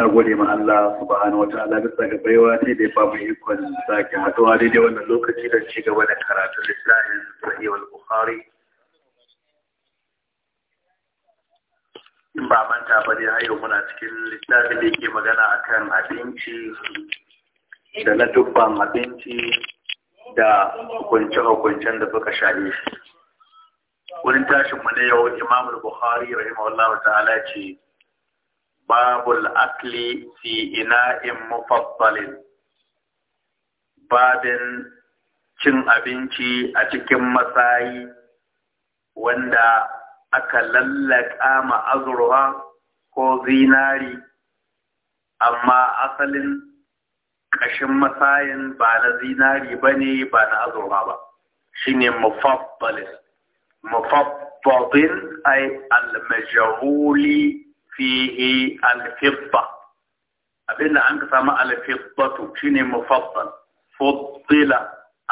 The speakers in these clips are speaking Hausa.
muna gode ma Allah subhanahu wataala da ga baiwa sai da babu ikon sake haɗuwa daidai wannan lokaci da ci gaba da karatu littafin sahih wal bukhari in ba manta ba dai har yau muna cikin littafin da yake magana akan abinci da na dubban abinci da hukunce-hukuncen da suka shaɗe Wurin tashin mu na yau Imam Bukhari rahimahullahu ta'ala ce babul akli fi ina'in mufassalin babin cin abinci a cikin matsayi wanda aka lallaka ma azurwa ko zinari amma asalin ƙashin matsayin ba na zinari ba ne ba na azurwa ba shi ne mufaddalin mufaddalin ay al fihi al-fidda da an ka samu al shine mufaddal fuddila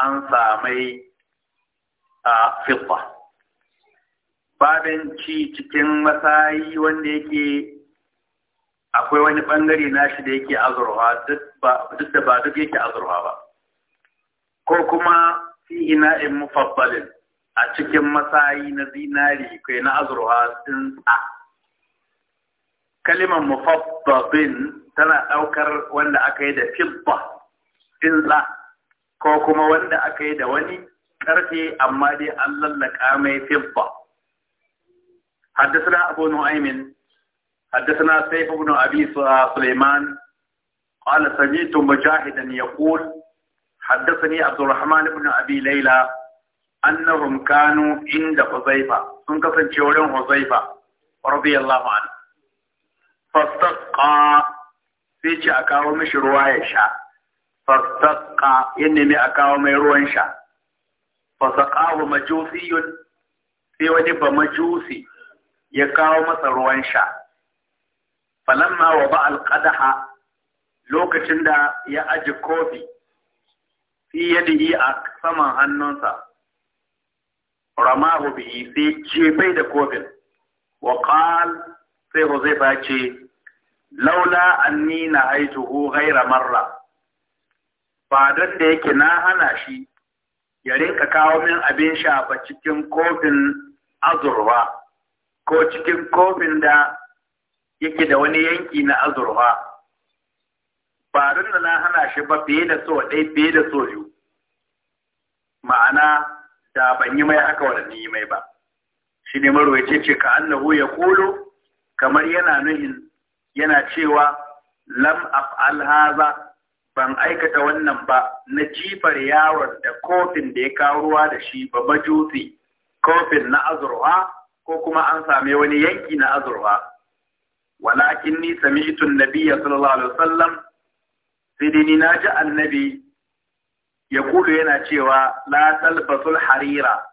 an samai a fidda babin ci cikin masayi wanda yake akwai wani bangare nashi da yake azurwa duk da ba duk yake azurwa ba ko kuma fi ina'in a cikin masayi na zinari kai na azurwa tsinsa kalimar mufabbabin tana ɗaukar wanda aka yi da filba filba ko kuma wanda aka yi da wani ƙarfe amma dai an lallaka mai filba haddasa abu nu'aimin haddasa na saifu abu abi ah, suleiman qala sami'tu mujahidan yaqul haddathani abdurrahman ibn abi layla annahum kanu inda huzaifa sun kasance wurin huzaifa radiyallahu anhu Fastaka sai ce a kawo mishi ruwa ya sha Fastaka yin nemi a kawo mai ruwan sha majusi majusiyun sai wani ba majusi ya kawo masa ruwan sha falamma wa ba alqadaha lokacin da ya aji kofi fi yadihi a saman hannunsa ramahu bihi sai ce bai da kofin wa qal sai Huzaifa ce laula anni na haituhu ghaira marra ba don da yake na hana shi ya rinka kawo min abin sha ba cikin kofin azurwa ko cikin kofin da yake da wani yanki na azurwa ba don da na hana shi ba fiye da so ɗai fiye da so biyu ma'ana da ban yi mai haka wani yi mai ba shi ne marwaice ce ka annahu ya kulo kamar yana nuhin yana cewa lam af'al haza ban aikata wannan ba na jifar yawon da kofin da ya kawo ruwa da shi ba majusi kofin na azurwa ko kuma an same wani yanki na azurwa walakin ni sami'tu nabiyya sallallahu alaihi wasallam sai dai ni na ji annabi ya kulu yana cewa la talbasul harira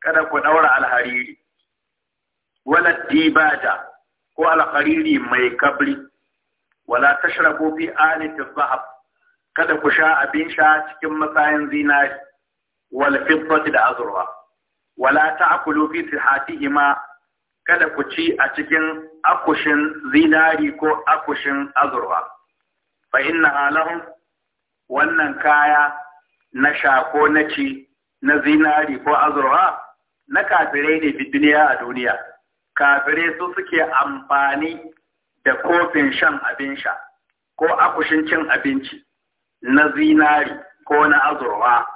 kada ku daura alhariri wala dibata. ko alƙariri mai kabri wala tashrabu fi alati dhahab kada ku sha abin sha cikin matsayin zinari wal fiddati da azurwa wala ta'kulu fi sihatihima kada ku ci a cikin akushin zinari ko akushin azurwa fa inna lahum wannan kaya na sha ko na ci na zinari ko azurwa na kafirai ne bi duniya a duniya kafirai su suke amfani da kofin shan abin ko akushin cin abinci na zinari ko na azurwa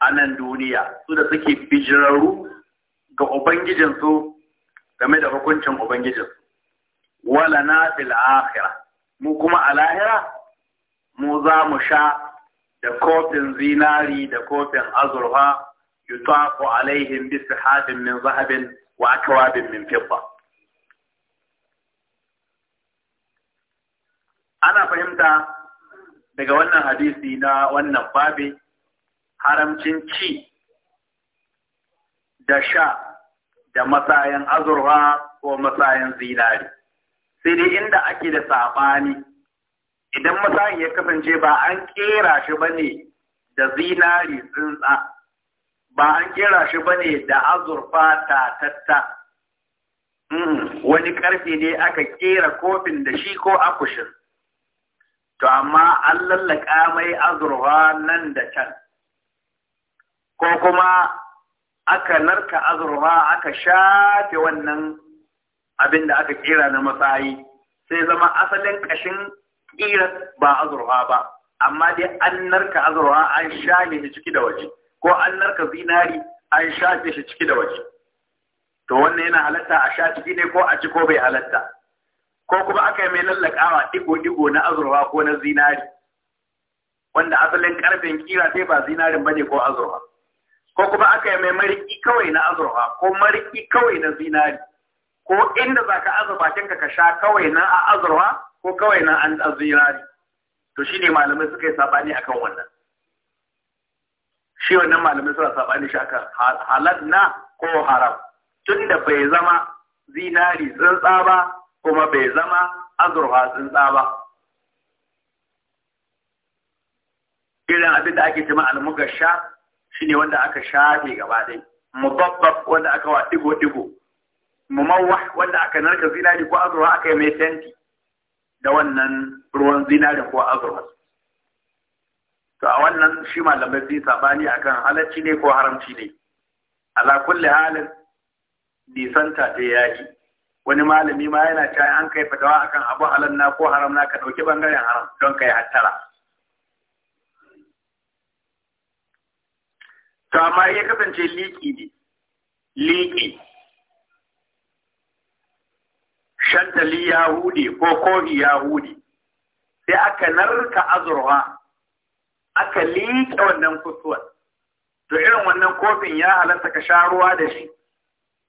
a nan duniya su da suke bijirarru ga ubangijinsu game da hukuncin ubangijinsu wala na fi mu kuma a lahira mu za mu sha da kofin zinari da kofin azurfa yutafu alaihim bi sihabin min zahabin wa akwabin min fidda ana fahimta daga wannan hadisi na wannan babi haramcin ci da sha da matsayin azurwa ko matsayin zinari sai dai inda ake da saɓani idan matsayin ya kasance ba an kera shi ba ne da zinari tsuntsa ba an kera shi ba ne da azurfa tatatta mm-hmm. wani karfe ne aka kera kofin da shi ko akushin to amma an lallaka mai azurfa nan da can ko kuma aka narka azurfa aka shafe wannan abin da aka kera na matsayi sai zama asalin ƙashin kira ba azurfa ba amma dai an narka azurfa an shafe ciki da waje ko an narka zinari an shafe shi ciki da waje to wannan yana halatta a sha ciki ne ko a ci ko bai halatta ko kuma aka yi mai lallakawa digo-digo na azurwa ko na zinari wanda asalin karfin kira sai ba zinarin bane ko azurwa ko kuma aka yi mai mariki kawai na azurwa ko mariki kawai na zinari ko inda za ka aza bakinka ka sha kawai na azurwa ko kawai na an zinari to shine malamai suka yi sabani akan wannan shi wannan malamai suna saɓani shi akan halal na ko haram tun da bai zama zinari tsintsa ba kuma bai zama azurfa tsintsa ba irin abin da ake cima almuga sha shine wanda aka shafe gaba dai mubabbab wanda aka wa digo digo mumawwah wanda aka narka zinari ko azurfa aka yi mai tenti da wannan ruwan zinari ko azurfa nan shi malamai zai sabani akan halacci ne ko haramci ne ala kulli halin nisanta ta yayi wani malami ma yana cewa an kai fatawa akan abu halal na ko haram na ka dauki bangaren haram don kai hattara to amma ya kasance liki ne liki shantali yahudi ko kofi yahudi sai aka narka azurwa aka liƙe wannan kusuwar to irin wannan kofin ya halatta ka sha ruwa da shi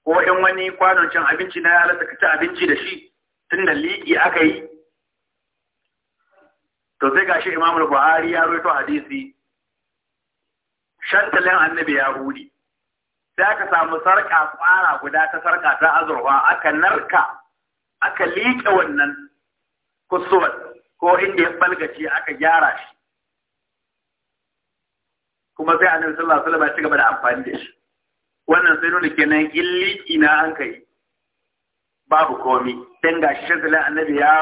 ko in wani kwanon cin abinci na ya halatta ka ci abinci da shi tun da liƙi aka yi to sai gashi imam buhari ya rawaito hadisi shantalin annabi ya hudi sai aka samu sarƙa tsara guda ta sarƙa ta azurfa aka narka aka liƙe wannan kusuwar ko inda ya balgace aka gyara shi kuma sai annabi sallallahu alaihi wasallam ya ci gaba da amfani da shi wannan sai nuna kenan illiki na an kai babu komi dan gashi shazala annabi ya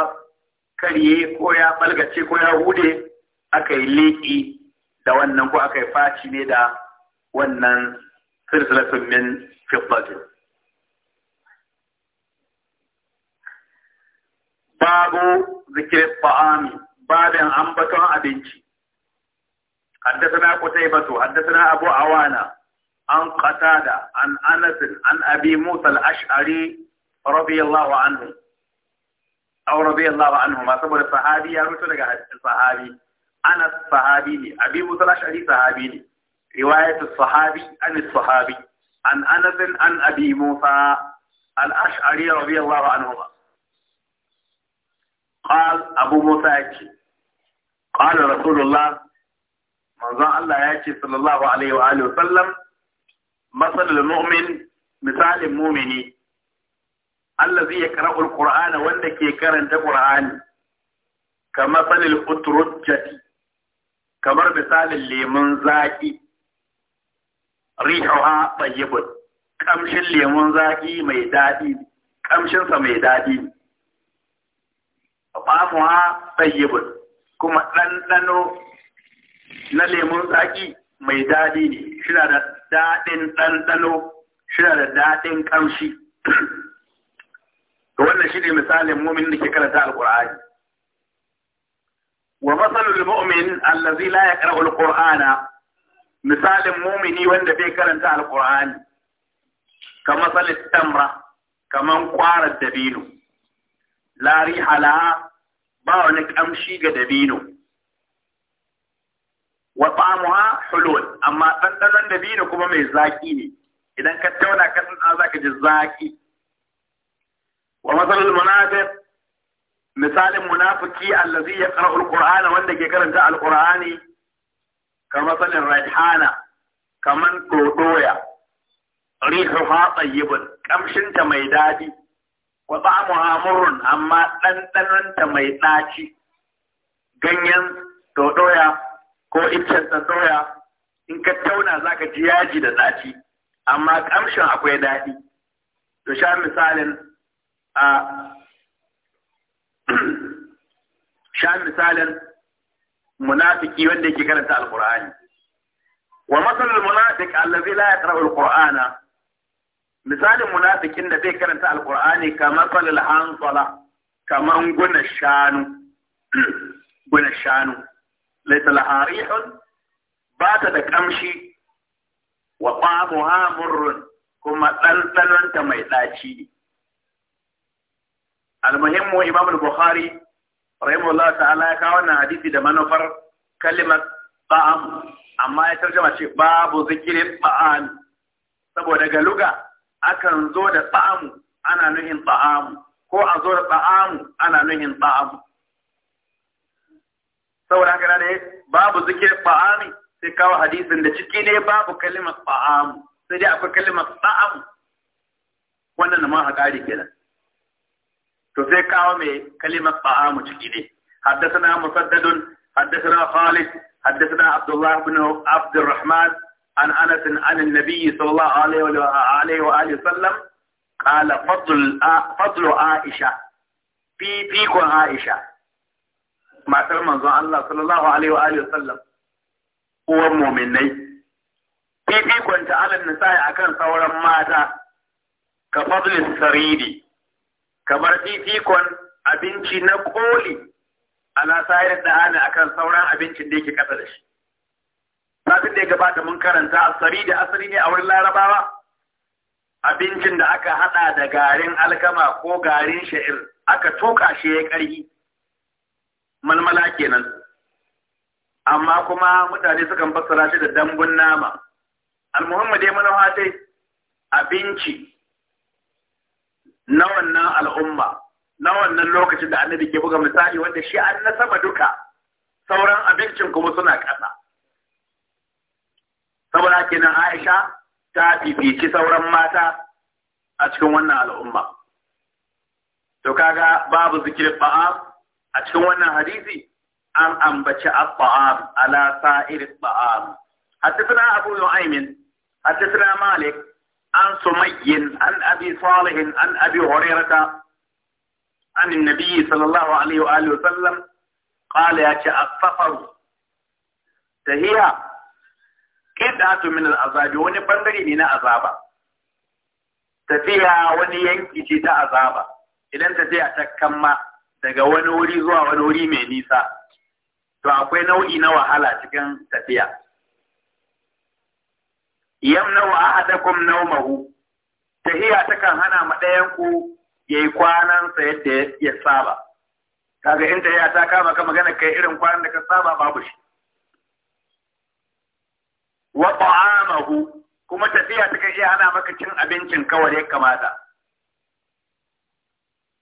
karye ko ya balgace ko ya hude aka yi liki da wannan ko aka yi faci ne da wannan silsilatun min fiddatin babu zikirin ba'ami babin ambaton abinci حدثنا قتيبة حدثنا أبو عوانة عن قتادة عن أنس عن أبي موسى الأشعري رضي الله عنه أو رضي الله عنه ما سبب الصحابي يا يعني رسول الصحابي أنس صحابي أبي موسى الأشعري صحابي رواية الصحابي عن الصحابي عن أنس عن أبي موسى الأشعري رضي الله عنهما قال أبو موسى قال رسول الله manzon Allah ya ce sallallahu alaihi wa alihi sallam masalul mu'min misalin mu'mini allazi yaqra'u alqur'ana wanda ke karanta qur'ani kamar salil utrujjati kamar misalin lemun zaki rihuha tayyibun kamshin lemun zaki mai dadi kamshin sa mai dadi famuha tayyibun kuma ɗanɗano na lemun tsaki mai daɗi ne shina da daɗin ɗanɗano shina da daɗin ƙamshi to wannan shi ne misalin mumin da ke karanta alƙur'ani wa masalul mu'min allazi la yaqra'u alqur'ana misalin mumini wanda bai karanta alqur'ani kama salit tamra kamar kwarar dabino la rihala ba wani kamshi ga dabino wa tsamuwa hulul amma biyu ne kuma mai zaƙi ne idan ka tauna ka za ka ji zaki wa masalul munafiq misalin munafiki allazi yaqra'u Alƙur'ana wanda ke karanta alqur'ani kamar masalin raihana kaman dodoya rihuha tayyibun kamshinta mai daɗi. wa tsamuwa murun amma dandananta mai ɗaci. ganyen dodoya ko iccen tsandoya in ka tauna za ka ji yaji da tsaci amma kamshin akwai daɗi to sha misalin a sha misalin munafiki wanda yake karanta alqur'ani wa masal almunafiq allazi la yaqra alqur'ana misalin munafikin da bai karanta alqur'ani kamar salil hansala kamar guna shanu guna shanu laisa laharihun ba ta da kamshi wa ƙwamuha murrun kuma ɗanɗanonta mai ɗaci almuhimmu imam al-bukhari rahimahullah ta'ala ya kawo wannan hadisi da manufar kalimar ba'am amma ya tarjama ce babu zikirin ba'an saboda ga luga akan zo da ba'amu ana nuhin ba'amu ko a zo da ba'amu ana nuhin ba'am saboda haka ne babu zikir fa'ami sai kawo hadisin da ciki ne babu kalimar fa'amu sai dai akwai kalimar fa'amu wannan ma haƙari kenan to sai kawo mai kalimar fa'amu ciki ne حدثنا مسدد حدثنا خالد حدثنا عبد الله بن عبد الرحمن عن أنس عن النبي صلى الله عليه وآله وآله وسلم قال فضل فضل عائشة في فيكم عائشة matar manzon Allah sallallahu alaihi wa alihi wasallam uwar mu'minai fifikon ta alal nisa'i akan sauran mata ka fadlis saridi kamar fifikon abinci na koli ala sayar da ana akan sauran abincin da yake kasa da shi satin da ya gabata mun karanta asari da asali ne a wurin larabawa abincin da aka hada da garin alkama ko garin sha'ir aka tuka shi ya karhi malmala kenan amma kuma mutane sukan fassara shi da dambun nama almuhimmu ya manawa dai abinci na wannan al'umma na wannan lokacin da annabi ke buga misali wanda shi an na sama duka sauran abincin kuma suna ƙasa saboda kenan Aisha ta fifici sauran mata a cikin wannan al'umma to kaga babu zikirin ba'a a cikin wannan hadisi an ambaci at-ta'am ala sa'ir taam حدثنا أبو نعيم حدثنا مالك أن سمي أن أبي صالح أن أبي هريرة أن النبي صلى الله عليه وآله وسلم قال يا السفر فهي قطعة من العذاب وني بندري من عذاب تفيها وني ينكي تا عذاب إذا تفيها تكما daga wani wuri zuwa wani wuri mai nisa to akwai nau'i na wahala cikin tafiya yamnau ahadakum mahu, tahiya kan hana ma ɗayan ku yayi kwanan sa yadda ya saba kaga in tahiya ta kama ka magana kai irin kwanan da ka saba babu shi wa ta'amahu kuma tafiya ta kan iya hana maka cin abincin kawai ya kamata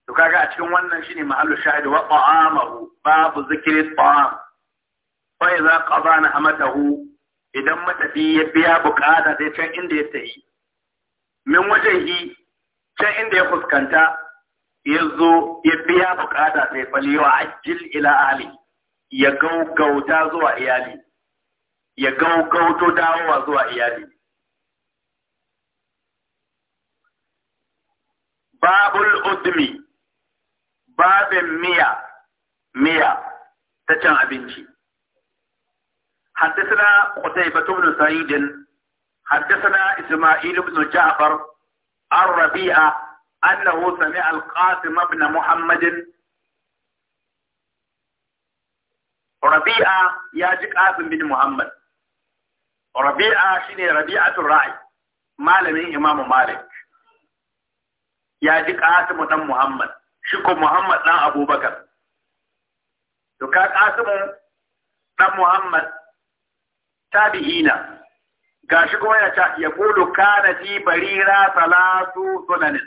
to kaga a cikin wannan shine mahallu shahid wa ta'amahu babu zikri ta'am fa idza qada na'amatahu idan matafi ya biya bukata sai can inda ya tafi min wajehi can inda ya fuskanta ya zo ya biya bukata sai faliwa ajil ila ali ya gaugauta zuwa iyali ya gaugauto dawowa zuwa iyali babul udmi babin miya miya ta cin abinci حدثنا قتيبة بن سعيد حدثنا إسماعيل بن جعفر عن أنه سمع القاسم بن محمد ربيعة ياجي قاسم بن محمد ربيعة شني ربيعة الرعي مالمين إمام مالك ياجي قاسم بن محمد shi ko Muhammad ɗan Abubakar. To ka Kasimu ɗan Muhammad tabi'ina ga shi kuma ya ya kulu kana fi barira salatu sunanin.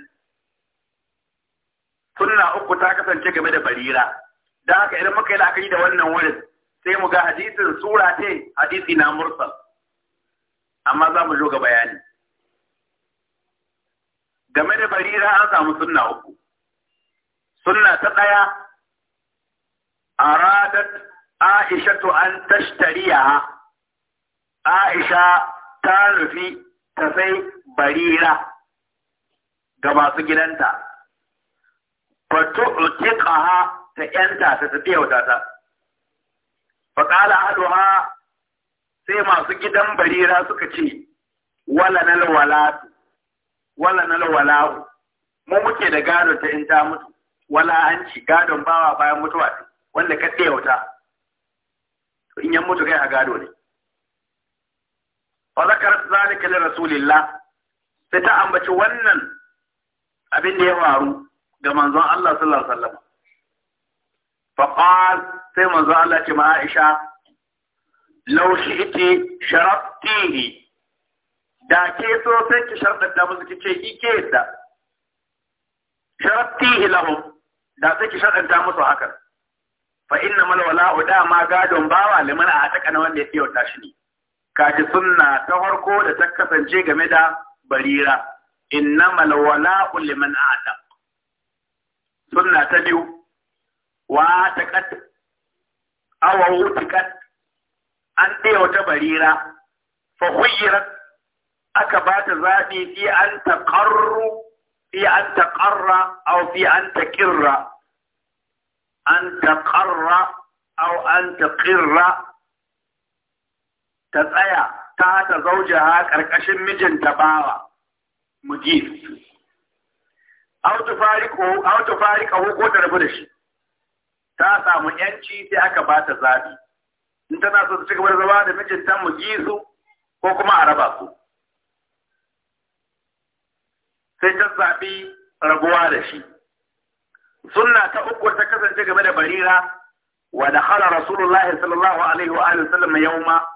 Sunna uku ta kasance game da barira. Da haka idan muka yi la'akari da wannan wurin sai mu ga hadisin sura ce hadisi na mursal. Amma za mu zo ga bayani. Game da barira an samu sunna uku. sunna ta ɗaya aradat aisha to an tashtariya aisha ta nufi ta sai barira ga masu gidanta fato utiqaha ta yanta ta tafiya wata ta faƙala ahaduha sai masu gidan barira suka ce wala nal walatu wala nal walahu mu muke da gado ta in ta mutu wala hanci gadon bawa bayan mutuwa ne wanda ka wuta. to in yan mutu kai a gado ne fa zakar zalika li rasulillah sai ta ambaci wannan abin da ya faru ga manzon Allah sallallahu alaihi wasallam fa sai manzon Allah ce ma Aisha law shi'ti sharaftihi da ke so sai ki sharɗa musu kice ki ke da sharaftihi lahum da sai ki shaɗanta musu hakan fa inna mal uda ma gadon bawa liman a taka na wanda ya tsiyauta shi ne kaji sunna ta farko da ta kasance game da barira inna mal wala liman a sunna ta biyu wa taqat aw utiqat an tsiyauta barira fa khuyrat aka ba ta zaɓi fi an taqarru fi an taqarra aw fi an taqirra ta tsaya ta ta zaujaha karkashin mijinta bawa mujib aw tufariqu aw tufariqu ko rabu da shi ta samu yanci sai aka ba ta zabi in tana so ta ci gaba da zama da mijinta mujizu ko kuma a raba su sai ta zaɓi rabuwa da shi sunna ta uku ta kasance game da barira wa da hala rasulullahi sallallahu alaihi wa yau ma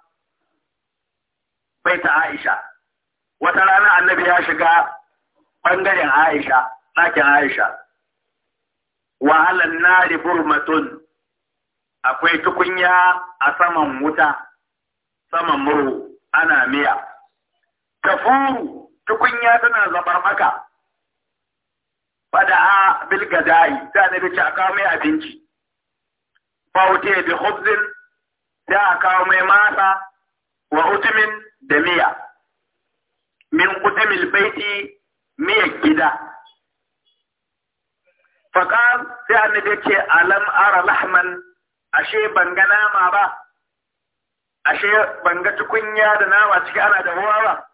bai ta aisha wata rana annabi ya shiga ɓangaren aisha ɗakin aisha wa halan nari burmatun akwai tukunya a saman wuta saman murhu ana miya tafuru tukunya tana zabar maka fada a gadai ta ne bi aka mai abinci fa wute bi khubzin da a kawo mai masa wa utmin da miya min utumil baiti miyar gida faƙar sai annabi ya ce alam ara lahman ashe ban ga nama ba ashe ban ga tukunya da nama cikin ana da ruwa ba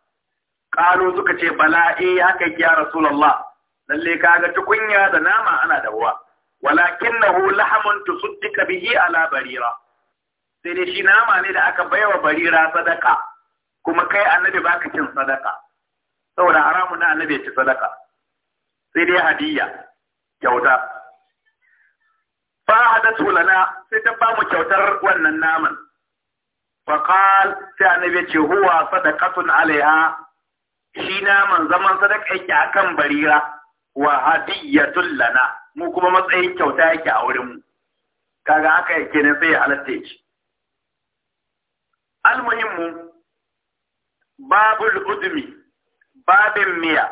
ƙalo suka ce bala eh haka ya rasulullah lalle kaga tukunya da nama ana dahuwa walakinnahu lahamun tusaddika bihi ala barira sai ne shi nama ne da aka baiwa barira sadaka kuma kai annabi baka cin sadaka saboda haramu na annabi ci sadaka sai dai hadiyya kyauta fa hadatu lana sai ta bamu kyautar wannan naman fa qal sai annabi ce huwa sadaqatun alaiha shi naman zaman sadaka yake akan barira wa hadiyatul lana mu kuma matsayin kyauta yake a wurin mu kaga haka yake ne sai ya halatta shi almuhimmu babul udmi babin miya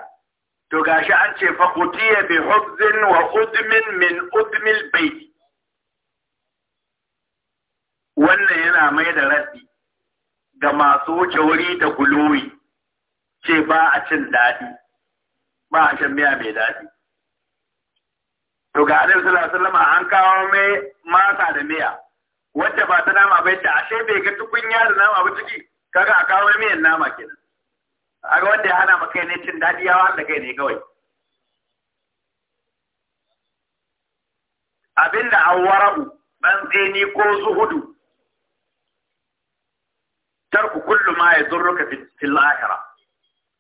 to gashi an ce fa utiya bi hubzin wa udmin min udmil bayt wannan yana mai da raddi ga masu wuce wuri da guluwi ce ba a cin daɗi ba a shan miya mai daɗi to ga alaihi sallallahu alaihi an kawo mai masa da miya wacce ba ta nama bai ta ashe bai ga tukunya da nama ba ciki kaga a kawo mai miyan nama kenan a ga wanda ya hana ma kai ne cin daɗi ya wanda kai ne kawai abinda an warabu ɗan tseni ko zuhudu tarku kullu ma ya zurruka fil akhirah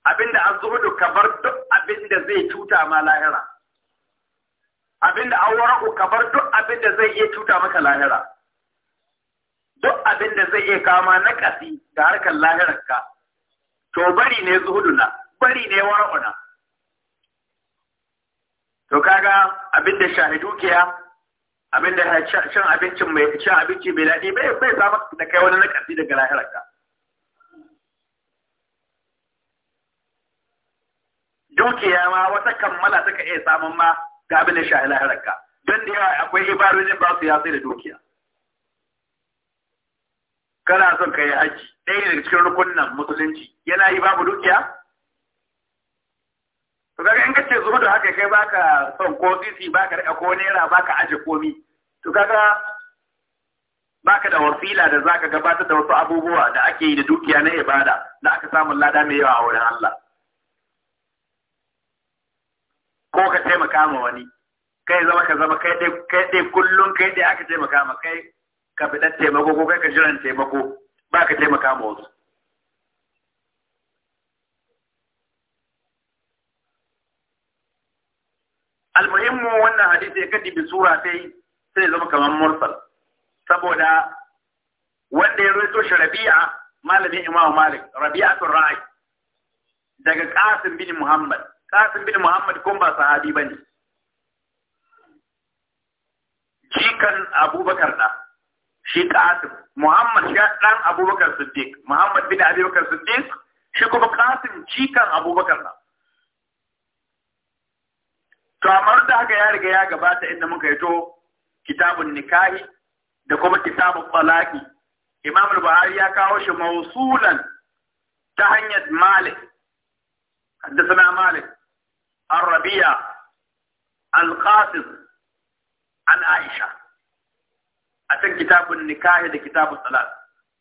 abinda zo da kabar duk abinda zai cuta ma lahira abinda wara ku kabar duk abinda zai iya cuta maka lahira duk abinda zai iya kama na kasi da harkar lahirarka to bari ne zuhuduna bari ne wara'una to kaga abinda shahidu kiya abinda shan abincin mai shan abinci mai daɗi bai bai samu da kai wani nakasi daga lahirarka dukiya ma wata kammala suka iya samun ma ga abin da shahi don da yawa akwai ibarojin ba su ya sai da dukiya kana son ka yi haji ɗaya daga cikin rukunan musulunci yana yi babu dukiya to kaga in kace zuwa da haka kai baka son ko sisi baka rika ko naira baka aje komi to kaga baka da wasila da zaka gabatar da wasu abubuwa da ake yi da dukiya na ibada da aka samu lada mai yawa a wurin Allah ko ka taimaka ma wani kai zama ka zama kai dai kai dai kullun kai dai aka taimaka ma kai ka fitar taimako ko kai ka jiran taimako ba ka taimaka ma wasu almuhimmu wannan hadisi ya kadi bi sura sai sai zama kamar mursal saboda wanda ya rawaito shi rabi'a malamin imamu malik rabi'atul ra'i daga qasim bin muhammad Kasim bin muhammad kun ba sahabi bane jikan abubakar da shi kasim muhammad shi dan abubakar siddiq muhammad bin abubakar siddiq shi kuma kasim jikan abubakar da. to amma da haka ya riga ya gabata inda muka yi to kitabun nikahi da kuma kitabun talaki imam al-bahari ya kawo shi mausulan ta hanyar malik حدثنا malik an rabiya al-qasim an aisha a can kitabun nikahi da kitabun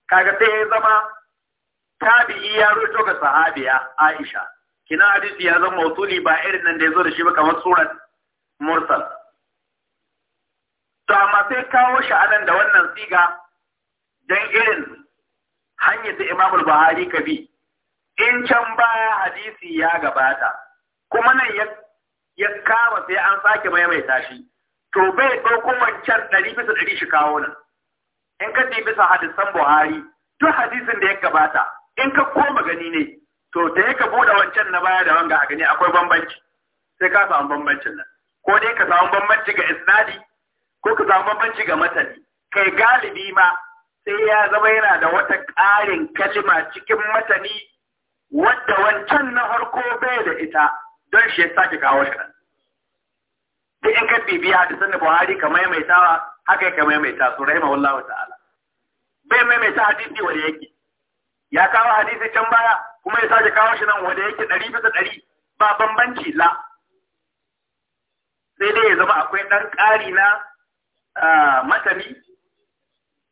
kaga sai ya zama tabi'i ya ruto ga sahabiya aisha kina hadisi ya zama mausuli ba irin nan da ya zo da shi ba kamar surat mursal to amma sai kawo shi anan da wannan siga dan irin hanyar da imamul buhari ka bi. in can baya hadisi ya gabata kuma nan ya kama sai an sake maimaita shi to bai ɗauko wancan ɗari bisa ɗari shi kawo nan in ka ɗi bisa hadisan buhari duk hadisin da ya gabata in ka koma gani ne to da ya ka buɗe wancan na baya da wanga a gani akwai bambanci sai ka samu bambancin nan ko dai ka samu bambanci ga isnadi ko ka samu bambanci ga matani kai galibi ma sai ya zama yana da wata ƙarin kalima cikin matani wadda wancan na farko bai da ita don shi ya sake kawo shi nan duk in ka bibiya da sanin buhari ka maimaitawa haka ka maimaita su rahimahullahu ta'ala bai maimaita hadisi wanda yake ya kawo hadisi can baya kuma ya sake kawo shi nan wanda yake ɗari bisa ɗari ba bambanci la sai dai ya zama akwai ɗan ƙari na matani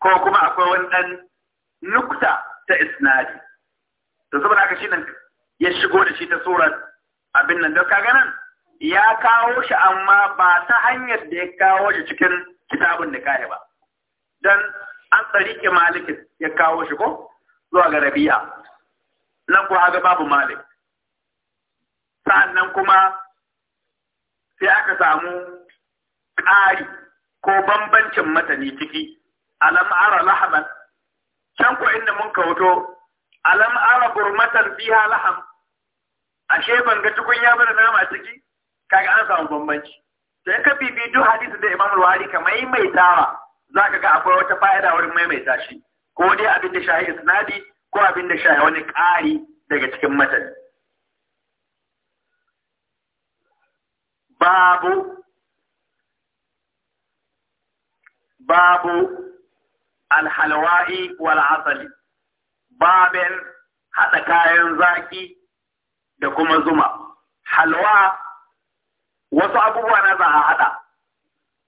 ko kuma akwai wani ɗan nukta ta isnadi to saboda haka shi nan ya shigo da shi ta surar abin nan da kaga nan ya kawo shi amma ba ta hanyar da ya kawo shi cikin kitabun da kahi ba dan an tsarike maliki ya kawo shi ko zuwa ga rabi'a nan ko haga babu malik sa'annan kuma sai aka samu ƙari ko bambancin matani ciki alam ara lahaban can ko inda mun kawo to? alam ara gurmatan fiha lahaban ashe ban ga tukunya ba da nama ciki kaga an samu bambanci sai ka bibi duk hadisi da Imam Buhari ka maimaitawa zaka ga akwai wata fa'ida wurin maimaita shi ko dai abin da shahi isnadi ko abin da shahi wani ƙari daga cikin matan babu babu alhalwa'i wal asali babin haɗa kayan zaki da kuma zuma halwa wasu abubuwa na za a haɗa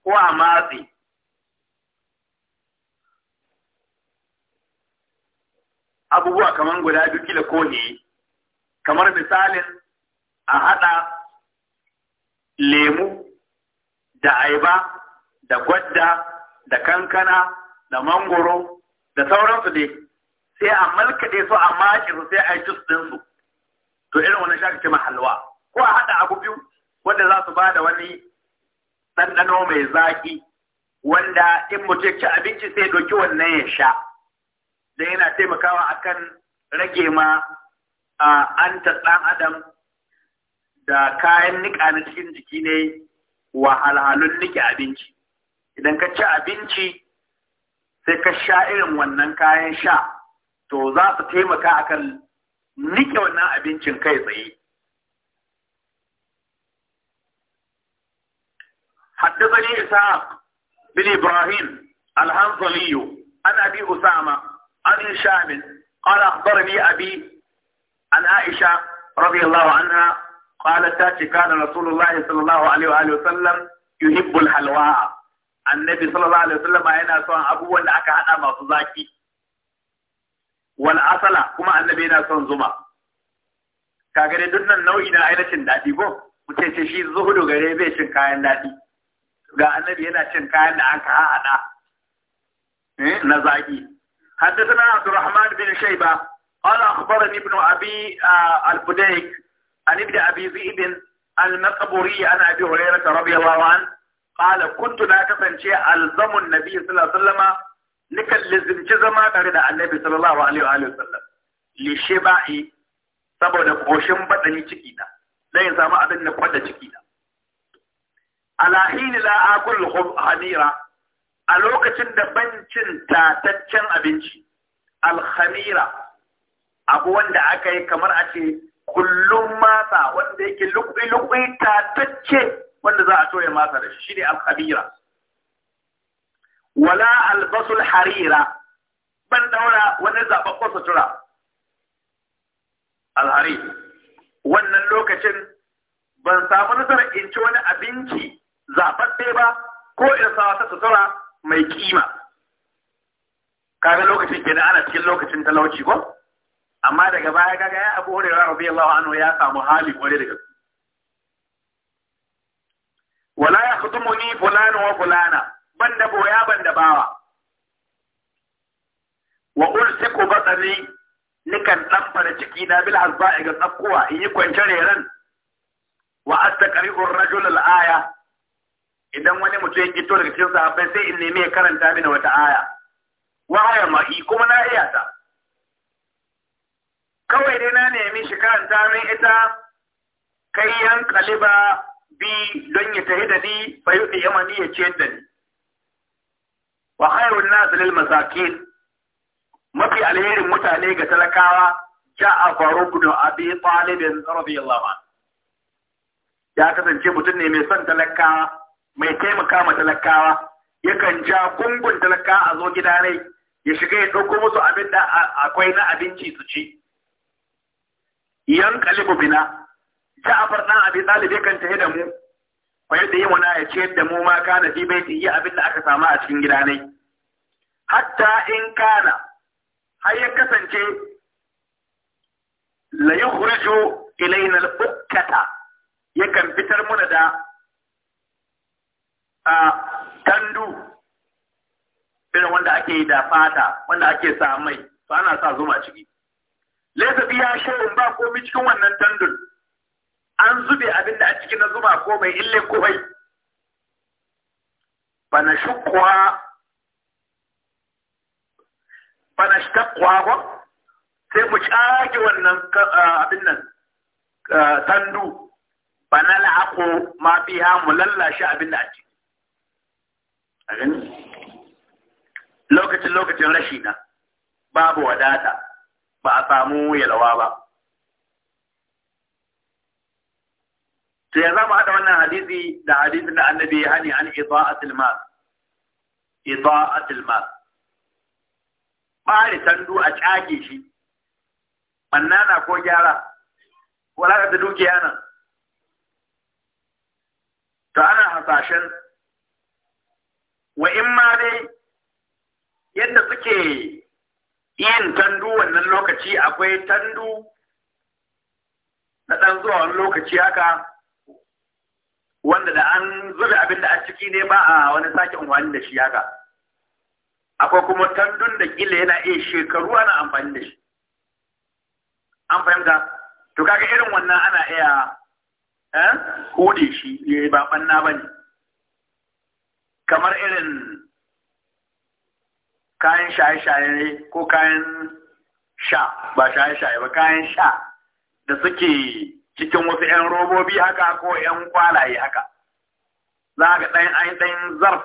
ko a matsi abubuwa kamar guda biyu da ko kamar misalin a haɗa lemu da aiba da gwadda da kankana da mangoro da sauransu dai sai a malkaɗe su a maƙi su sai a yi jus ɗinsu to irin wani shaka kake mahalwa. ko a haɗa abu biyu wanda za su bada wani ɗanɗano mai zaƙi wanda in mutum ci abinci sai doki wannan ya sha da yana taimakawa akan rage ma an ɗan adam da kayan niƙa na cikin jiki ne wa halhalun niƙe abinci idan ka ci abinci sai ka sha irin wannan kayan sha to za su taimaka akan nike wannan abincin kai tsaye حدثني إسحاق بن إبراهيم الهنصلي عن أبي أسامة عن هشام قال أخبرني أبي عن عائشة رضي الله عنها قالت كان رسول الله صلى الله عليه وآله وسلم يحب الحلوى النبي صلى الله عليه وسلم أين أسوان أبوه لأكا أنا مصداكي wal asala kuma annabi yana son zuma kaga dai dukkan nau'i na ainihin daɗi ko mutum ce shi zuhudu gare bai cin kayan daɗi ga annabi yana cin kayan da aka haɗa eh, na zaƙi حدثنا عبد الرحمن بن شيبة قال أخبرني ابن أبي الفديك عن ابن أبي ذئب المقبوري عن أبي هريرة رضي الله عنه قال كنت لا تفنشي ألزم النبي صلى الله عليه وسلم nikan lizimci zama tare da annabi sallallahu alaihi wa sallam li shiba'i saboda koshin badani ciki na zai samu abin da kwada ciki na ala la akul a lokacin da bancin tataccen abinci alhamira abu wanda aka yi kamar a ce kullum masa wanda yake lukui-lukui tatacce wanda za a toye masa da shi ne alhamira wala albasul harira ban daura wani zaɓaɓɓen sutura alhari wannan lokacin ban samu nasara in ci wani abinci zaɓaɓɓe ba ko in sa wata sutura mai kima kaga lokacin kenan ana cikin lokacin talauci ko amma daga baya kaga ya abu hurairah Allahu anhu ya samu hali kwarai daga wala yakhdumuni fulana wa fulana banda boya banda bawa wa ulsiku batani nikan ɗanfara ciki na bil hasba'i ga tsakkuwa in yi kwance yaran. wa astaqri'u ar-rajul al-aya idan wani mutum ya kito daga cikin sahabbai sai in nemi ya karanta mini wata aya wa aya ma kuma na iya ta kawai dai na nemi shi karanta min ita kai yan kaliba bi don ya tahi da ni fa yudi yamani ya ce da ni wa khairun nas lil masakin mafi alherin mutane ga talakawa faru ibn Abi Talib radiyallahu anhu ya kasance mutum ne mai son talakawa mai taimaka ma talakawa yakan ja gungun talakawa a zo gida ne ya shiga ya ɗauko musu abin da akwai na abinci su ci yan kalibu bina Ja'far dan Abi Talib yakan tafi da mu wa yadda yi wana ya ce da mu ma kana fi bai yi abin da aka samu a cikin gida ne hatta in kana har ya kasance la yukhriju ilayna al-ukkata yakan fitar muna da a tandu irin wanda ake da fata wanda ake sa mai to ana sa zuma ciki laysa biya shay'un ba komai cikin wannan tandun an zube abin da a cikin na zuma ko mai ille bai bana shukwa bana ba sai mu cage wannan abin nan tandu bana la'ako ma biya mu lallashi abin da a ciki a gani lokacin lokacin rashi na babu wadata ba a samu yalawa ba to ya zama hada wannan hadisi da hadisin da annabi ya hani an ita'atul mal ita'atul mal bare a tsage shi na ko gyara wala da dukiya nan to ana hasashen wa in ma dai yadda suke yin tandu wannan lokaci akwai tandu na ɗan zuwa wani lokaci haka wanda da an zube abin da a ciki ne ba a wani sake unwani da shi haka akwai kuma tandun da kila yana iya shekaru ana amfani da shi an fahimta to kaga irin wannan ana iya eh kode shi ya eh, ba banna bane kamar irin kayan shaye-shaye ko kayan sha ba shaye-shaye ba kayan sha da suke cikin wasu 'yan robobi haka ko 'yan kwalaye haka za ga ɗan an ɗan zarf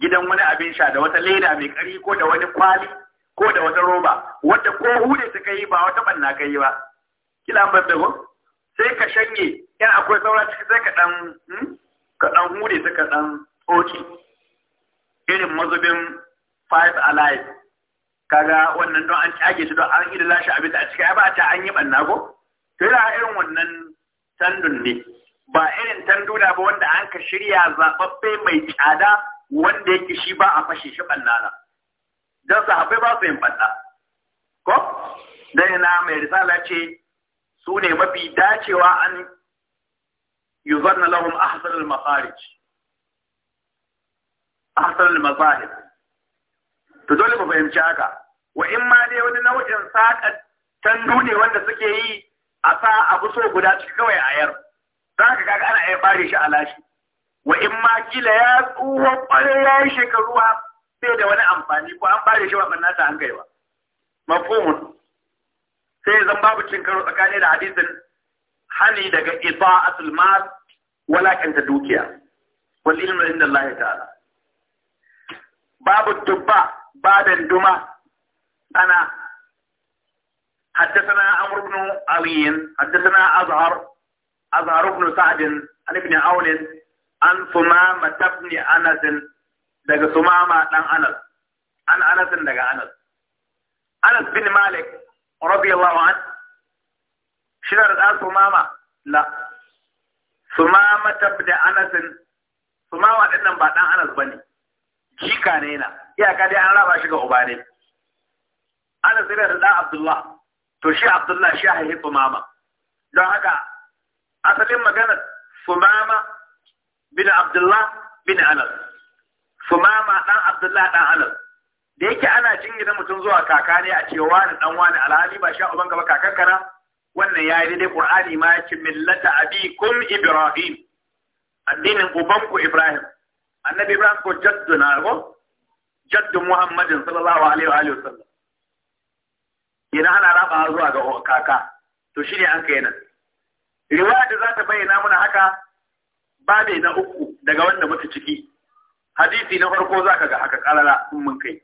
gidan wani abin sha da wata leda mai ƙari ko da wani kwali ko da wata roba wadda ko hude ta kai ba wata banna kai ba kila ba da sai ka shanye yan akwai saura ciki sai ka ɗan hmm? ka ɗan hude ta ka ɗan tsoki irin mazubin five alive kaga wannan don an cage shi don an ida lashe abin da a ciki Ya ba ta an yi banna ko to yana irin wannan tandun ne ba irin tanduna ba wanda an ka shirya zaɓaɓɓe mai tsada wanda yake shi ba a fashe shi bannana don sahabbai ba su yin ɓanna. ko dan yana mai risala ce su ne mafi dacewa an yuzanna lahum ahsan al-makharij ahsan al to dole ba fahimci haka wa in ma dai wani nau'in saƙa tandu ne wanda suke yi a sa abu so guda ciki kawai a yar za ka kaga ana iya bare shi a lashi wa in ma kila ya tsuwa yi shekaru ha sai da wani amfani ko an bare shi ba ɓanna ta hankali ba mafhumun sai zan babu cin karo tsakani da hadisin hani daga ita'atul mal walakanta dukiya wal ilmu inda Allah ta'ala babu dubba babin duma ana حدثنا عمرو بن علي حدثنا أزهر أزهر بن سعد عن ابن عون عن ثمامة بن أنس daga Sumama dan an Anas daga Anas Anas bin Malik radiyallahu an shi da Sumama la Sumama tabda Sumama din nan ba dan Anas bane jika ne na iyaka dai an raba shi uba ne da to shi abdullahi shi haihi sumama don haka asalin magana sumama bin abdullah bin anas sumama dan abdullah dan anas da yake ana jingina mutum zuwa kaka ne a cewa ni dan wani alhali ba sha uban gaba kakan kana wannan yayi dai ƙurani ma yace millata abikum ibrahim addinin ubanku ibrahim annabi ibrahim ko jadduna ko jaddu muhammadin sallallahu alaihi wa sallam. yana hana rabawa zuwa ga kaka to shine an kai nan riwaya da za ta bayyana mana haka babe na uku daga wanda mutu ciki hadisi na farko zaka ga haka kalala in mun kai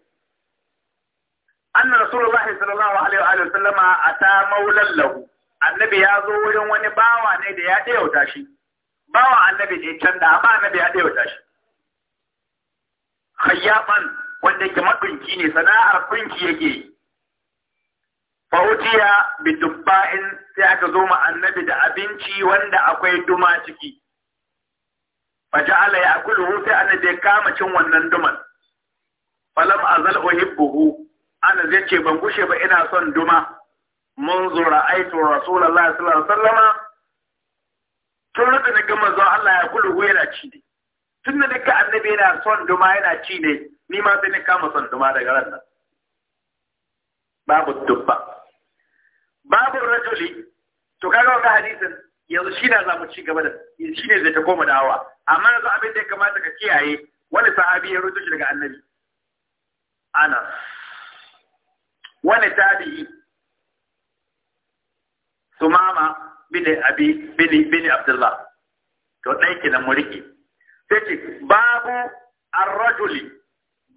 anna rasulullahi sallallahu alaihi wa alihi sallama ata maulan lahu annabi ya zo wurin wani bawa ne da ya ɗayauta shi bawa annabi ne can da amma annabi ya ɗayauta shi khayyaban wanda yake madunki ne sana'ar kunki yake yi fa'utiya bi dubba'in sai aka zo ma annabi da abinci wanda akwai duma ciki fa ja'ala ya'kuluhu sai annabi ya kama cin wannan duman falam azal uhibbuhu ana zai ce ban gushe ba ina son duma Mun zura aitu rasulullahi sallallahu alaihi wasallama tun da na gama zuwa Allah ya kulu yana ci ne tun da duka annabi yana son duma yana ci ne ni ma sai na kama son duma daga ran nan babu dubba babu rajuli to kaga wannan hadisin yanzu shi na zamu ci gaba da shi ne zai ta koma dawa amma yanzu abin da ya kamata ka kiyaye wani sahabi ya rubuta daga annabi ana wani tabi'i sumama bin abi bin bin abdullah to dai kenan mu rike sai ce babu ar-rajuli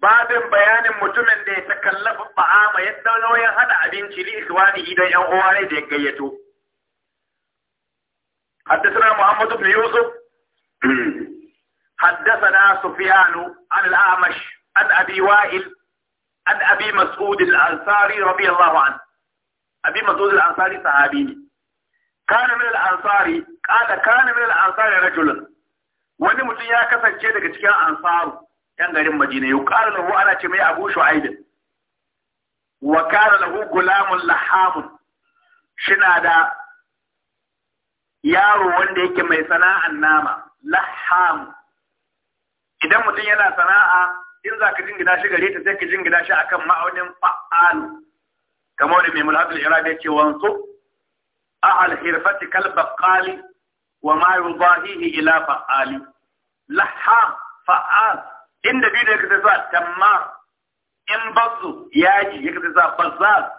babin bayanin mutumin da ya takallafa ba'ama ya dauno ya hada abinci li ikwani idan yan uwa ne da ya gayyato حدثنا محمد بن يوسف حدثنا سفيان عن الأعمش عن أبي وائل عن أبي مسعود الأنصاري رضي الله عنه أبي مسعود الأنصاري صحابي كان من الأنصاري قال كان من الأنصاري رجلا wani mutum ya kasance daga cikin ansaru yan garin Madina yuqalu lahu ana ce mai Abu Shu'aib wa kana lahu gulamun lahamun shina da yaro wanda yake mai sana'an nama Lahamun. idan mutum yana sana'a in za ka jingida shi gare ta sai ka jingida shi akan ma'aunin fa'alu kamar da mai mulhatul irabi ce wanzu a hirfati kal wa ma yudahihi ila fa'ali Lahamun! fa'al in da biyu da ya kasa sa tamma in bazu yaji ya kasa sa bazzaz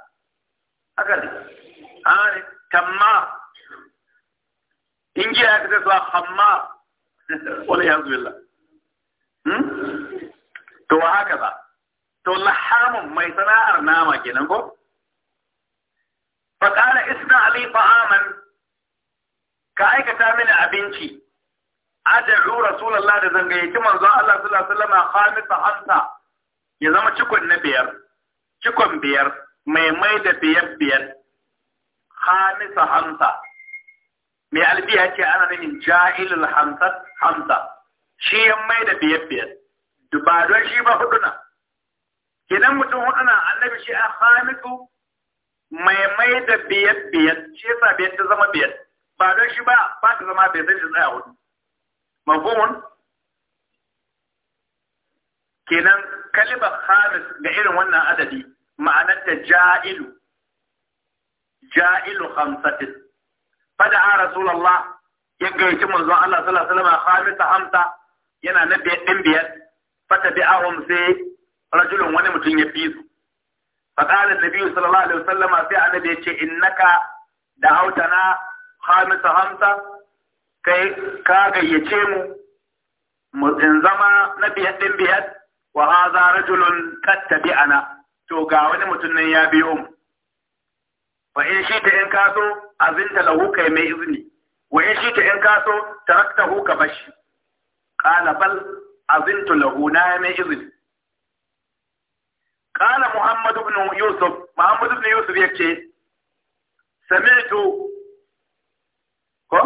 haka ne an tamma in giya ya kasa sa hamma wala ya zuwa to haka ba to lahamun mai sana'ar nama kenan ko faƙala isna ali fa'aman ka aikata mini abinci ad'u rasulullah da zan gayyaci manzo Allah sallallahu alaihi wasallam khamisa hamsa ya zama cikon na biyar cikon biyar mai mai da biyar biyar khamisa hamsa mai albiya ce ana nufin jahilul hamsa hamsa shi ya mai da biyar biyar ba don shi ba huduna idan mutum huduna annabi shi a khamisu mai mai da biyar biyar shi yasa biyar ta zama biyar ba don shi ba ba ta zama biyar sai ta tsaya hudu mafhumun kenan kalimar khamis ga irin wannan adadi ma'anarta ja'ilu ja'ilu khamsatin fada a rasulullah ya gaici manzon Allah sallallahu alaihi wasallam khamisa hamsa yana na biyar din biyar fata bi'ahum sai rajulun wani mutum ya bi su faqala an-nabi sallallahu alaihi wasallam sai annabi in naka da hautana khamisa hamsa kai ka gayyace mu mu in zama na biyar ɗin biyar wa za rajulun qad ana to ga wani mutum nan ya biyo mu Wa in shi ta in ka so ta lahu kai mai izini wa in shi ta in ka so hu ka bashi qala bal ta lahu na mai izini قال Yusuf, Muhammadu يوسف Yusuf ya ce يكي سمعت ko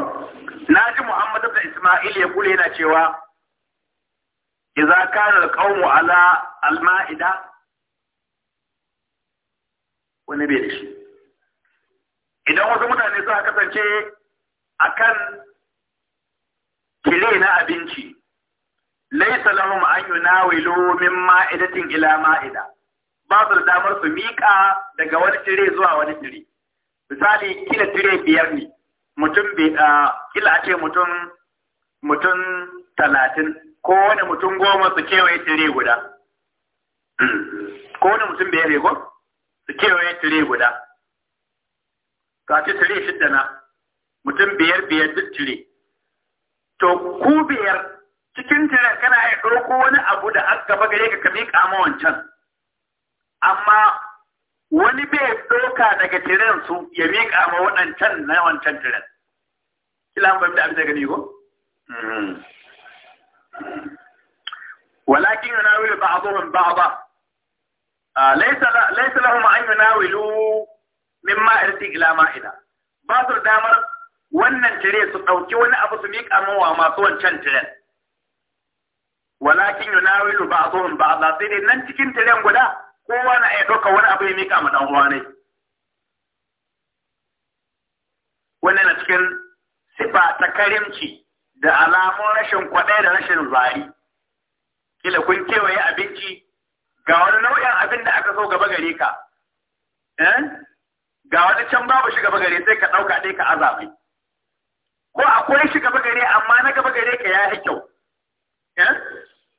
na ji Muhammad ibn Isma'il ya kula yana cewa idza kana alqawmu ala alma'ida wani bai shi idan wasu mutane suka kasance akan kire na abinci laysa lahum an yunawilu min ma'idatin ila ma'ida ba da damar su miƙa daga wani tire zuwa wani tire misali kila tire biyar ne mutum bai a kila ce mutum mutum talatin ko wani mutum goma su kewaye tire guda ko wani mutum bai rego su kewaye tire guda ka ce tire shidda na mutum biyar biyar duk tire to ku biyar cikin tire kana iya ɗauko wani abu da aka gaba gare ka ka miƙa ma wancan amma wani bai doka daga tiren su ya miƙa ma waɗancan na wancan tiren kila an da abin da gani ko hmm. walakin ba. Laisa lahu ma'an yana an min ma'ar irti ila ma'ida ba su damar wannan tire su ɗauki wani abu su miƙa mawa masu wancan tiren walakin yunawilu ba, ba. sai dai nan cikin tiren guda kowa na iya ɗauka wani abu ya mika ma ɗan uwa ne wannan na cikin sifa ta karimci da alamun rashin kwaɗai da rashin zari kila kun kewaye abinci ga wani nau'in abin da aka so gaba gare ka eh? ga wani can babu shi gaba gare sai ka ɗauka ɗai ka azabi ko akwai shi gaba gare amma na gaba gare ka ya yi kyau eh?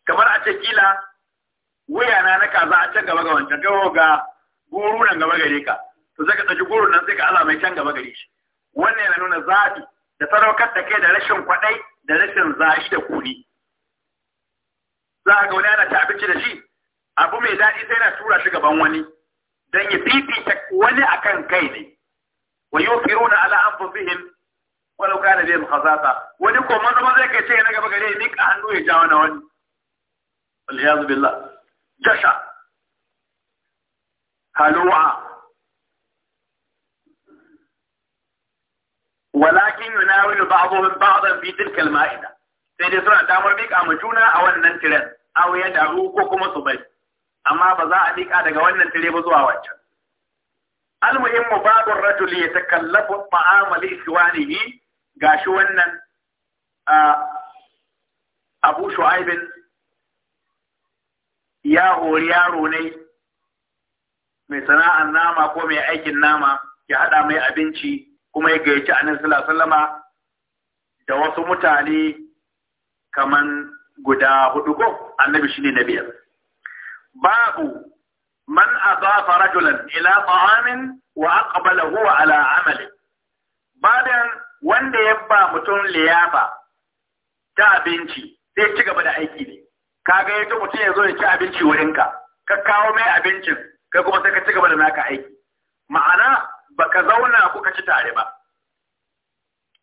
kamar a ce kila wuya na na kaza a can gaba ga wancan kai ga guru nan gaba gare ka to sai ka ɗauki guru nan sai ka ala mai can gaba gare shi wannan yana nuna zaɓi da sadaukar da kai da rashin kwaɗai da rashin zashi da kuni za a ga wani ana ta abinci da shi abu mai daɗi sai na tura shi gaban wani don ya fifita wani akan kai ne wa yufiruna ala anfusihim walau kana bihim khasasa wani ko manzo zai kai ce na gaba gare ni ka hannu ya jawo na wani wal iyaz billah Jasha, halu'a walakin yunawilu ba'dhum ba'dan fi tilka al sai dai suna damar mika ma juna a wannan tiren aw ya daru ko kuma su bari amma ba za a mika daga wannan tire ba zuwa wancan المهم ya الرجل يتكلف الطعام لإخوانه gashi wannan ah, abu shu'aibin ya hori yaro ne mai sana'ar nama ko mai aikin nama ya haɗa mai abinci kuma ya gayyaci annabi sallama, da wasu mutane kaman guda hudu ko annabi shi ne na biyar babu man adafa rajulan ila ta'amin wa huwa ala amali bayan wanda ya ba mutum liyafa ta abinci sai ci gaba da aiki ne ka ga yadda mutum ya zo ya ci abinci wurin ka ka kawo mai abincin kai kuma sai ka ci gaba da naka aiki ma'ana ba ka zauna kuka ci tare ba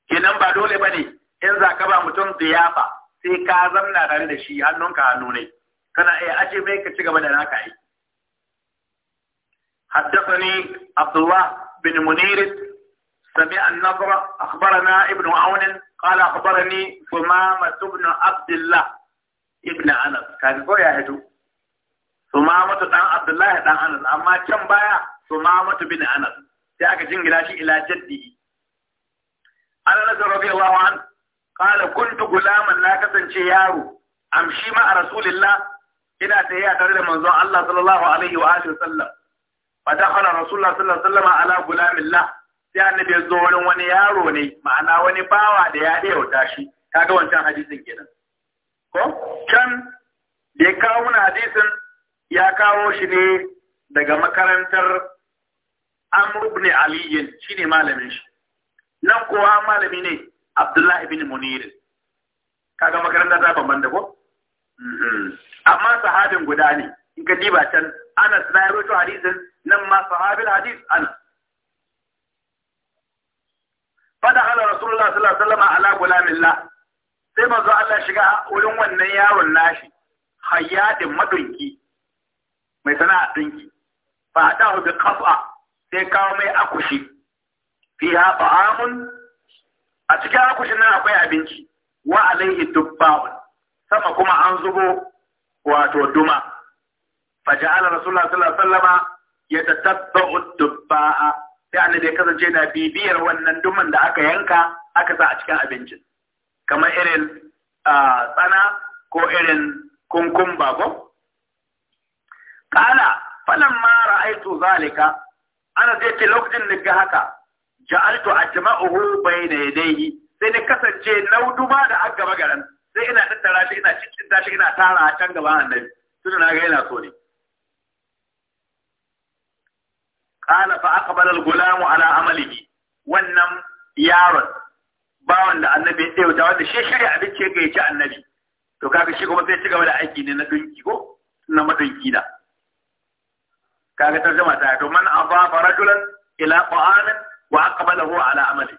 kenan ba dole ba ne, in za ka ba mutum ziyafa sai ka zamna tare da shi hannunka hannu ne kana iya aje mai ka ci gaba da naka aiki حدثني عبد الله بن منير سمع النضر أخبرنا ابن عون قال أخبرني ثمامة بن عبد الله ibn Anas kaga ko ya hito Sumamatu dan Abdullahi dan Anas amma can baya Sumamatu bin Anas sai aka jingina shi ila jaddi Anas radiyallahu an qala kuntu gulaman na kasance yaro amshi ma a rasulillah ina a tare da manzon Allah sallallahu alaihi wa alihi wasallam fa dakhala rasulullah sallallahu alaihi wasallam ala gulamillah sai annabi ya zo wurin wani yaro ne ma'ana wani bawa da ya da tashi. shi kaga wancan hadisin kenan ko can da ya kawo hadisin ya kawo shi ne daga makarantar Amr ibn Ali shine malamin shi nan kowa malami ne Abdullah ibn Munir kaga makaranta ta da ko mm-hmm. amma sahabin guda ne in ka diba can Anas na rawaito hadisin nan ma sahabin hadis Anas فدخل رسول الله صلى الله عليه وسلم sai mazo Allah shiga wurin wannan yaron nashi hayyadin madunki mai sana'a dinki fa da bi qaf'a sai kawo mai akushi ha ba'amun a cikin akushin nan akwai abinci wa alaihi dubba'un sama kuma an zubo wato duma faja'ala rasulullahi sallallahu alaihi wasallama yatatabba'u dubba'a sai annabi ya kasance na bibiyar wannan duman da aka yanka aka sa a cikin abincin kamar irin tsana ko irin kunkun bako kala falan ma ra'aitu zalika ana zai ce lokacin da ga haka ja'altu bai bayna yadayhi sai na kasance nauduma da an gaba garan sai ina tattara shi ina cikin tashi ina tara a can gaba a annabi Suna na ga yana so ne Kala fa aka al-gulam ala amalihi wannan yaron bawan da annabi ya ɗauta wanda shi shirya abinci ga ya ci annabi to kaga shi kuma sai ci gaba da aiki ne na dunki ko na madunki na kaga tarjuma ta to man afafa rajulan ila qa'anin wa aqbalahu ala amali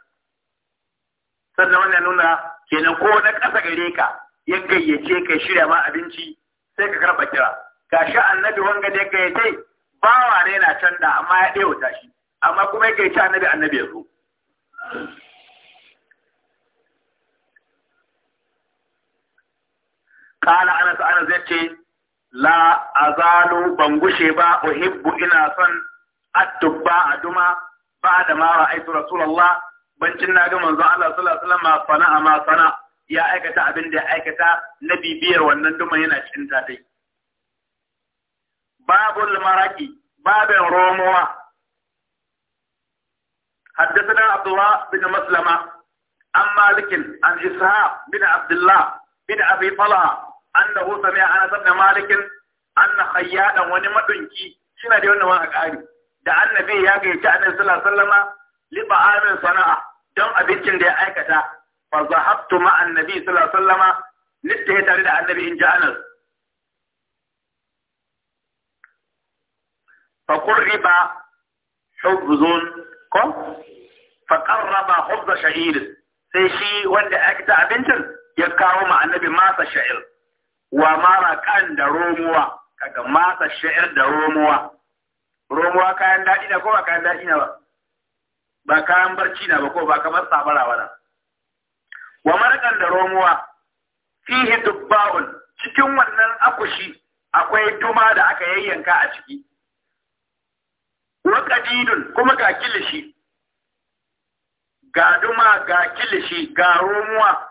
sannan wannan nuna kenan ko na ƙasa gare ka ya gayyace kai shirya ma abinci sai ka karɓa kira gashi annabi wanga da ya gayyace bawa ne na can da amma ya ɗauta shi amma kuma ya gayyace annabi annabi ya zo kala anas anas yace la azalu ban gushe ba hibbu ina son addubba aduma ba da ma ra'aytu rasulullah bancin na ga manzon Allah sallallahu alaihi wasallam sana'a ma sana ya aikata abin da ya aikata na bibiyar wannan duma yana cin ta dai babul maraki babin romowa حدثنا عبد bin بن مسلمة عن an عن bin بن bin الله بن annahu sami'a Anas ibn Malik anna khayyadan wani madunki shina da wannan wani ƙari da annabi ya gayyaci annabi sallallahu alaihi wasallama li ba'amin sana'a don abincin da ya aikata fa zahabtu ma annabi sallallahu alaihi wasallama nitta tare da annabi in ji Anas fa qurriba hubzun ko fa qarraba hubz sha'ir sai shi wanda aikata abincin ya kawo ma annabi masa sha'ir wa kan da romuwa kaga matsa sha'ir da romuwa romuwa kayan daɗi na ko ba kayan daɗi na ba ba kayan barci na ba ko ba kamar sabara ba na wa kan da romuwa fihi dubba'un cikin wannan akushi akwai duma da aka yayyanka a ciki wa qadidun kuma ga kilishi ga duma ga kilishi ga romuwa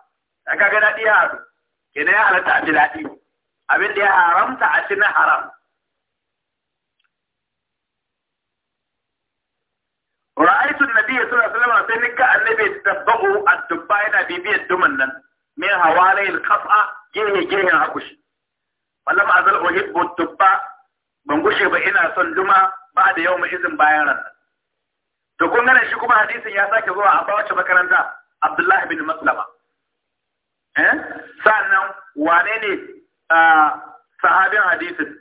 kaga daɗi ya haɗu kina ya halatta a ci daɗi abin da ya haramta a ci na haram ra'aytu an-nabiy sallallahu alaihi wasallam sai nika annabi tatabbu ad-dubba yana bibiyar duman nan min hawalai al-qaf'a gehe gehen akushi wallam azal uhibbu ad-dubba ban gushe ba ina son duma ba da yau mai izin bayan ran to kun gane shi kuma hadisin ya sake zuwa a bawace makaranta Abdullahi bin Maslama eh sannan wane ne sahabin hadisin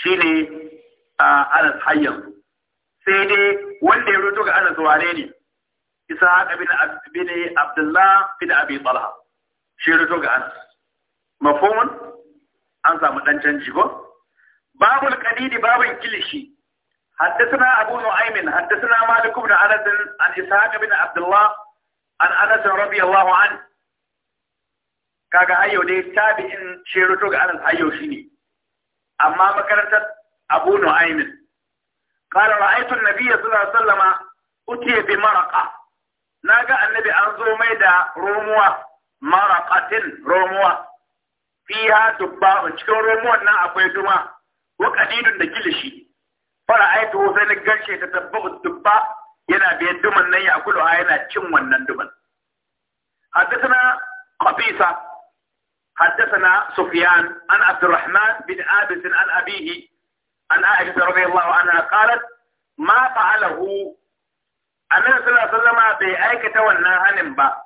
shine Anas hayyan sai dai wanda ya rutu ga Anas wane ne Ishaq bin bin Abdullah bin Abi Talha shi rutu ga Anas mafhumun an samu dan canji ko babul qadidi babin kilishi حدثنا أبو نعيم حدثنا مالك بن أنس عن إسحاق بن عبد الله عن أنس رضي الله عنه kaga ayyo dai tabi'in sheruto ga anas ayyo shine amma makarantar abu nu'aymin qala ra'aytu an-nabiyya sallallahu alaihi wasallama utiya bi maraqa naga annabi an zo mai da romuwa maraqatin romuwa fiha dubba cikin romuwan nan akwai duma wa qadidun da kilishi fara aitu sai ni ta tabbu dubba yana biyan duman nan ya kulo yana cin wannan duman حدثنا قبيصة حدثنا سفيان عن عبد الرحمن بن آبس عن أبيه عن عائشة رضي الله عنها قالت ما فعله النبي صلى الله عليه وسلم بأيك تولناها نمبا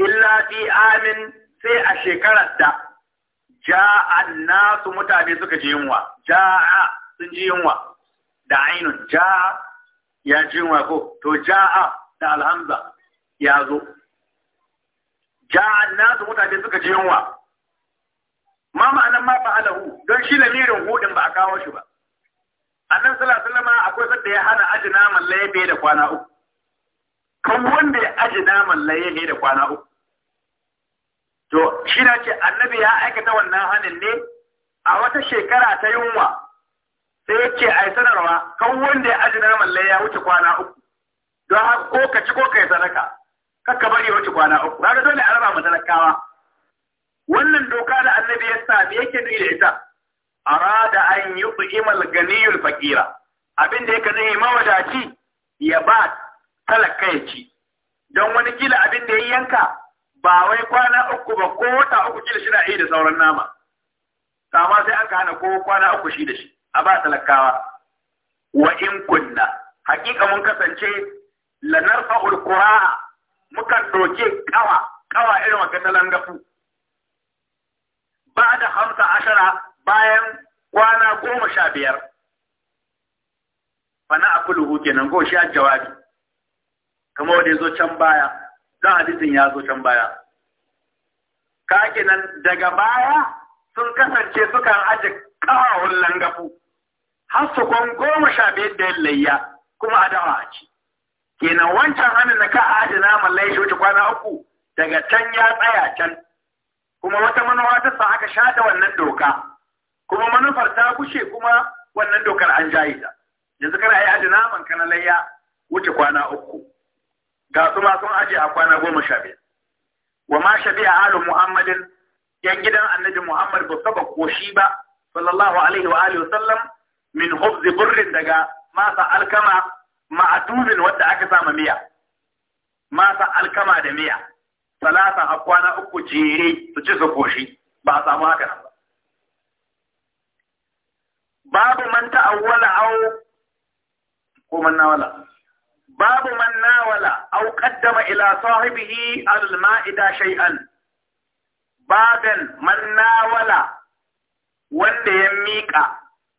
إلا في عام في الشكرة دا جاء الناس متابسك جيموا جاء جيموا دعين جاء يا جيموا تو جاء دا الهمزة يا زو ja'an nasu mutane suka ji yunwa ma ma'anan ma fa'alahu don shi lamirin hudin ba a kawo shi ba annan sallallahu akwai sadda ya hana aji naman laye da kwana uku kan wanda ya aji naman laye da kwana uku to shi na ce annabi ya aikata wannan hanin ne a wata shekara ta yunwa sai yake a yi sanarwa kan wanda ya aji naman laye ya wuce kwana uku don haka ko ka ci ko ka yi sadaka kakka bari wuce kwana uku kaga dole a raba matalakawa wannan doka da annabi ya sa me yake nufi da ita arada an yut'ima al-ganiyul faqira abin da yake zai mawadaci ya ba talaka ya ci don wani kila abin da ya yanka ba wai kwana uku ba ko wata uku kila shi na iya da sauran nama amma sai an hana ko kwana uku shi da shi a ba talakawa wa in kunna hakika mun kasance lanarfa'ul qura'a mukan doke kawa kawa irin wata ta langafu ba da hamsa ashara bayan kwana goma sha biyar fana a Kulu kuluhu nan, ko shi jawabi kamar wani zo can baya zan hadisin ya zo can baya ka nan daga baya sun kasance sukan aje kawahun langafu har su goma sha biyar da yin layya kuma adawa a ci kenan wancan hannun na ka adina mallai shi wuce kwana uku daga can ya tsaya can kuma wata manufa ta sa aka shata wannan doka kuma manufar ta gushe kuma wannan dokar an jayi ta yanzu kana yi adina man kana layya wuce kwana uku ga su ma sun aje a kwana goma sha biyar wa ma sha a alu muhammadin yan gidan annabi muhammad ba saba koshi ba sallallahu alaihi wa alihi sallam min hubzi burrin daga masa alkama ma'atuzin wanda aka sama miya masa alkama da miya salasa a kwana uku jere su ci su koshi ba a samu haka nan ba babu man ta'awwala au ko man nawala babu man nawala au qaddama ila sahibihi al-ma'ida shay'an baban man nawala wanda ya miƙa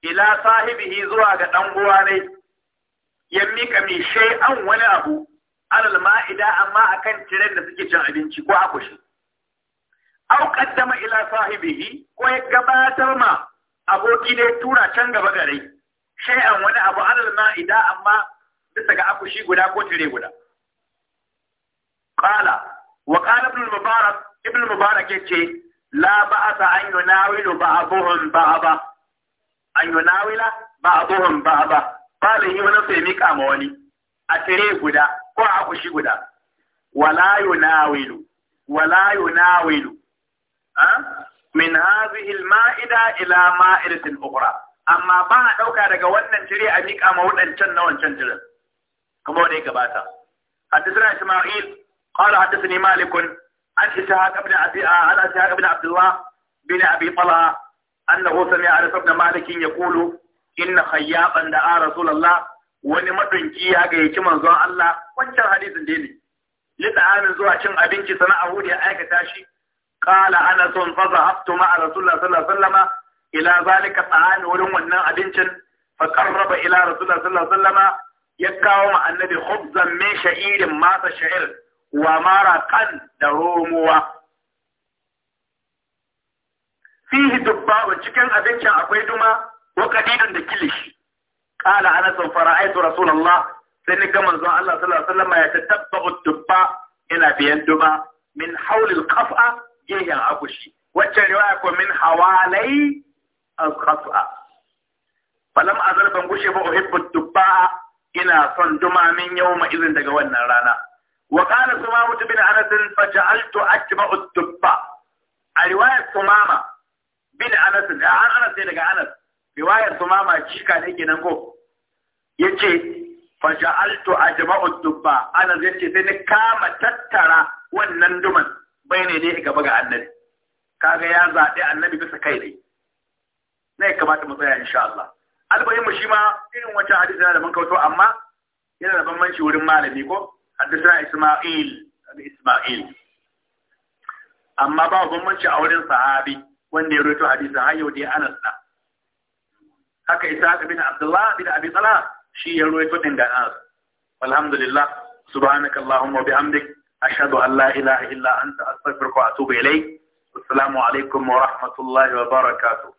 ila sahibihi zuwa ga ɗan uwa ne ya mika mai an wani abu alal ma'ida amma akan tiren da suke cin abinci ko akushi au qaddama ila sahibihi ko ya gabatar ma aboki ne tura can gaba gare an wani abu alal ma'ida amma bisa ga akushi guda ko tire guda qala wa qala ibn mubarak ibn mubarak yace la ba'asa an yunawilu ba'dhum ba'dha an yunawila ba'dhum ba'dha salihi wani sai mika ma wani a cire guda ko a akushi guda wala yunawilu wala yunawilu min hadhihi al ila ma'idatin ukhra amma ba a ɗauka daga wannan cire a miƙa ma waɗancan na wancan tirin kuma wanda ya gabata حدثنا إسماعيل قال حدثني مالك عن إسحاق بن أبي عن إسحاق بن عبد الله بن أبي طلحة أنه سمع أنس بن مالك يقول inna khayyaban da a rasulullah wani madanki ya gayyaci manzon Allah wancan hadisin dai ne li ta'amin zuwa cin abinci sana'a da ya aikata shi qala ana sun fa zahabtu ma'a rasulullah sallallahu alaihi wasallama ila zalika ta'ami wurin wannan abincin fa qarraba ila rasulullah sallallahu alaihi ya kawo ma annabi khubzan min sha'irin masa sha'ir wa mara kan da romuwa fihi dubba cikin abincin akwai duma وكثير من قال أنس فرأيت رسول الله سنة كما زال الله صلى الله عليه وسلم يتتبع الدباء إلى بيندما من حول القفأ جيه أبوشي وتنواك من حوالي الخفأ فلم أزل بنقوش فأحب الدباء إلى صندما من يوم إذن تقوانا رانا وقال سمامة بن أنس فجعلت أتبع الدباء الرواية سمامة بن أنس عن أنس إلى أنس riwayar su mama da ne nan ko yace fa ja'altu ajma'u dubba ana ce sai ni kama tattara wannan duman bayane ne gaba ga annabi kaga ya zaɓi annabi bisa kai ne na kamata mu tsaya insha Allah albayin mu shi ma irin wancan hadisi da mun kauto amma yana da bambanci wurin malami ko hadisana Isma'il Isma'il amma ba bambanci a wurin sahabi wanda ya rawaito hadisin har da dai Anas na haka isa bin abdullah bin abi talha shi ya ruwaito din da nas alhamdulillah subhanaka allahumma bihamdik ashhadu an la ilaha illa anta astaghfiruka wa atubu ilayk assalamu alaikum wa rahmatullahi wa barakatuh